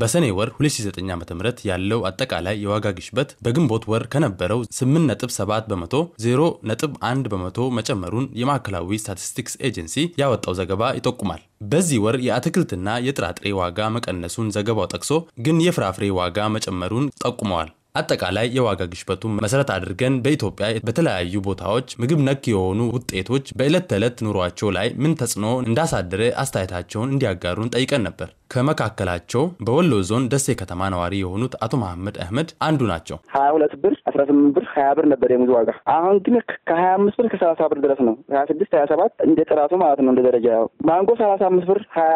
በሰኔ ወር 2009 ዓ.ም ያለው አጠቃላይ የዋጋ ግሽበት በግንቦት ወር ከነበረው 8.7 በመቶ 0.1 በመቶ መጨመሩን የማዕከላዊ ስታቲስቲክስ ኤጀንሲ ያወጣው ዘገባ ይጠቁማል። በዚህ ወር የአትክልትና የጥራጥሬ ዋጋ መቀነሱን ዘገባው ጠቅሶ ግን የፍራፍሬ ዋጋ መጨመሩን ጠቁመዋል። አጠቃላይ የዋጋ ግሽበቱን መሰረት አድርገን በኢትዮጵያ በተለያዩ ቦታዎች ምግብ ነክ የሆኑ ውጤቶች በዕለት ተዕለት ኑሯቸው ላይ ምን ተጽዕኖ እንዳሳደረ አስተያየታቸውን እንዲያጋሩን ጠይቀን ነበር። ከመካከላቸው በወሎ ዞን ደሴ ከተማ ነዋሪ የሆኑት አቶ መሐመድ አህመድ አንዱ ናቸው። ሀያ ሁለት ብር አስራ ስምንት ብር ሀያ ብር ነበር የሙዝ ዋጋ። አሁን ግን ከሀያ አምስት ብር ከሰላሳ ብር ድረስ ነው። ሀያ ስድስት ሀያ ሰባት እንደ ጥራቱ ማለት ነው እንደ ደረጃ ያው ማንጎ ሰላሳ አምስት ብር ሀያ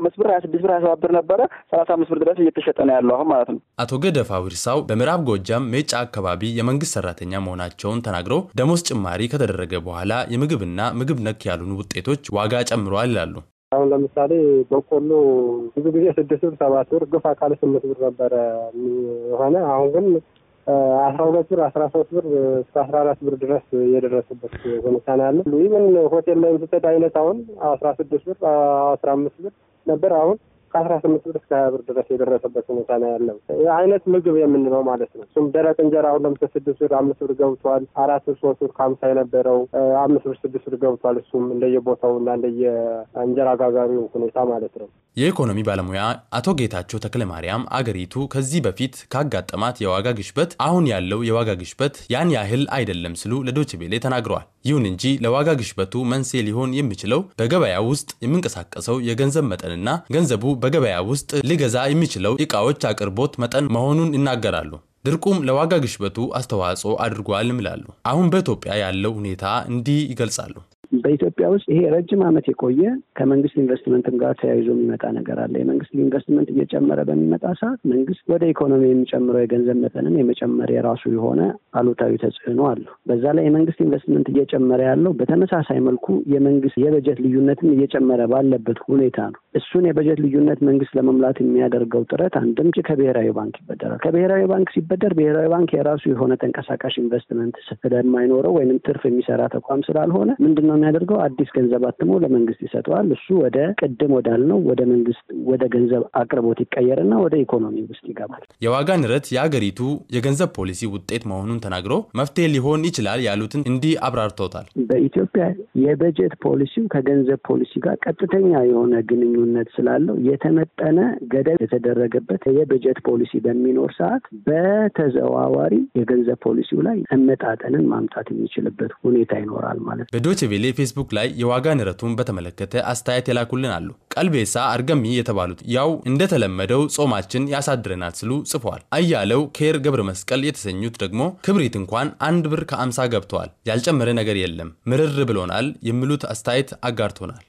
አምስት ብር ሀያ ስድስት ብር ሀያ ሰባት ብር ነበረ ሰላሳ አምስት ብር ድረስ እየተሸጠ ነው ያለው አሁን ማለት ነው። አቶ ገደፋ ውርሳው በምዕራብ ጎጃም ሜጫ አካባቢ የመንግስት ሰራተኛ መሆናቸውን ተናግረው ደሞዝ ጭማሪ ከተደረገ በኋላ የምግብና ምግብ ነክ ያሉን ውጤቶች ዋጋ ጨምረዋል ይላሉ። አሁን ለምሳሌ በቆሎ ብዙ ጊዜ ስድስት ብር ሰባት ብር ግፋ ካለ ስምንት ብር ነበረ የሆነ አሁን ግን አስራ ሁለት ብር አስራ ሶስት ብር እስከ አስራ አራት ብር ድረስ የደረሰበት ሁኔታ ነው ያለ። ይህምን ሆቴል ላይ ስትሄድ አይነት አሁን አስራ ስድስት ብር አስራ አምስት ብር ነበር አሁን ከአስራ ስምንት ብር እስከ ሀያ ብር ድረስ የደረሰበት ሁኔታ ነው ያለው አይነት ምግብ የምንለው ማለት ነው። እሱም ደረቅ እንጀራ አሁን ለምሳሌ ስድስት ብር አምስት ብር ገብቷል። አራት ብር ሶስት ብር ከሀምሳ የነበረው አምስት ብር ስድስት ብር ገብቷል። እሱም እንደየቦታው እና እንደየእንጀራ አጋጋሪው ሁኔታ ማለት ነው። የኢኮኖሚ ባለሙያ አቶ ጌታቸው ተክለ ማርያም አገሪቱ ከዚህ በፊት ካጋጠማት የዋጋ ግሽበት አሁን ያለው የዋጋ ግሽበት ያን ያህል አይደለም ሲሉ ለዶች ቤሌ ተናግረዋል። ይሁን እንጂ ለዋጋ ግሽበቱ መንስኤ ሊሆን የሚችለው በገበያ ውስጥ የምንቀሳቀሰው የገንዘብ መጠንና ገንዘቡ በገበያ ውስጥ ሊገዛ የሚችለው ዕቃዎች አቅርቦት መጠን መሆኑን ይናገራሉ። ድርቁም ለዋጋ ግሽበቱ አስተዋጽኦ አድርጓልም ይላሉ። አሁን በኢትዮጵያ ያለው ሁኔታ እንዲህ ይገልጻሉ። በኢትዮጵያ ውስጥ ይሄ ረጅም ዓመት የቆየ ከመንግስት ኢንቨስትመንትም ጋር ተያይዞ የሚመጣ ነገር አለ። የመንግስት ኢንቨስትመንት እየጨመረ በሚመጣ ሰዓት መንግስት ወደ ኢኮኖሚ የሚጨምረው የገንዘብ መጠንም የመጨመር የራሱ የሆነ አሉታዊ ተጽዕኖ አለው። በዛ ላይ የመንግስት ኢንቨስትመንት እየጨመረ ያለው በተመሳሳይ መልኩ የመንግስት የበጀት ልዩነትም እየጨመረ ባለበት ሁኔታ ነው። እሱን የበጀት ልዩነት መንግስት ለመምላት የሚያደርገው ጥረት አንድምጭ ከብሔራዊ ባንክ ይበደራል። ከብሔራዊ ባንክ ሲበደር ብሔራዊ ባንክ የራሱ የሆነ ተንቀሳቃሽ ኢንቨስትመንት ስለማይኖረው ወይንም ትርፍ የሚሰራ ተቋም ስላልሆነ ምንድን ነው የሚያደርገው? አዲስ ገንዘብ አትሞ ለመንግስት ይሰጠዋል። እሱ ወደ ቅድም ወዳልነው ወደ መንግስት ወደ ገንዘብ አቅርቦት ይቀየርና ወደ ኢኮኖሚ ውስጥ ይገባል። የዋጋ ንረት የአገሪቱ የገንዘብ ፖሊሲ ውጤት መሆኑን ተናግሮ መፍትሄ ሊሆን ይችላል ያሉትን እንዲህ አብራርተውታል። በኢትዮጵያ የበጀት ፖሊሲው ከገንዘብ ፖሊሲ ጋር ቀጥተኛ የሆነ ግንኙነት ስላለው የተመጠነ ገደብ የተደረገበት የበጀት ፖሊሲ በሚኖር ሰዓት በተዘዋዋሪ የገንዘብ ፖሊሲው ላይ እመጣጠንን ማምጣት የሚችልበት ሁኔታ ይኖራል ማለት ነው። በዶይቼ ፌስቡክ ላይ የዋጋ ንረቱን በተመለከተ አስተያየት የላኩልን አሉ። ቀልቤሳ አርገሚ የተባሉት ያው እንደተለመደው ጾማችን ያሳድረናል ስሉ ጽፏል። አያለው ኬር ገብረ መስቀል የተሰኙት ደግሞ ክብሪት እንኳን አንድ ብር ከአምሳ ገብተዋል፣ ያልጨመረ ነገር የለም፣ ምርር ብሎናል የሚሉት አስተያየት አጋርቶናል።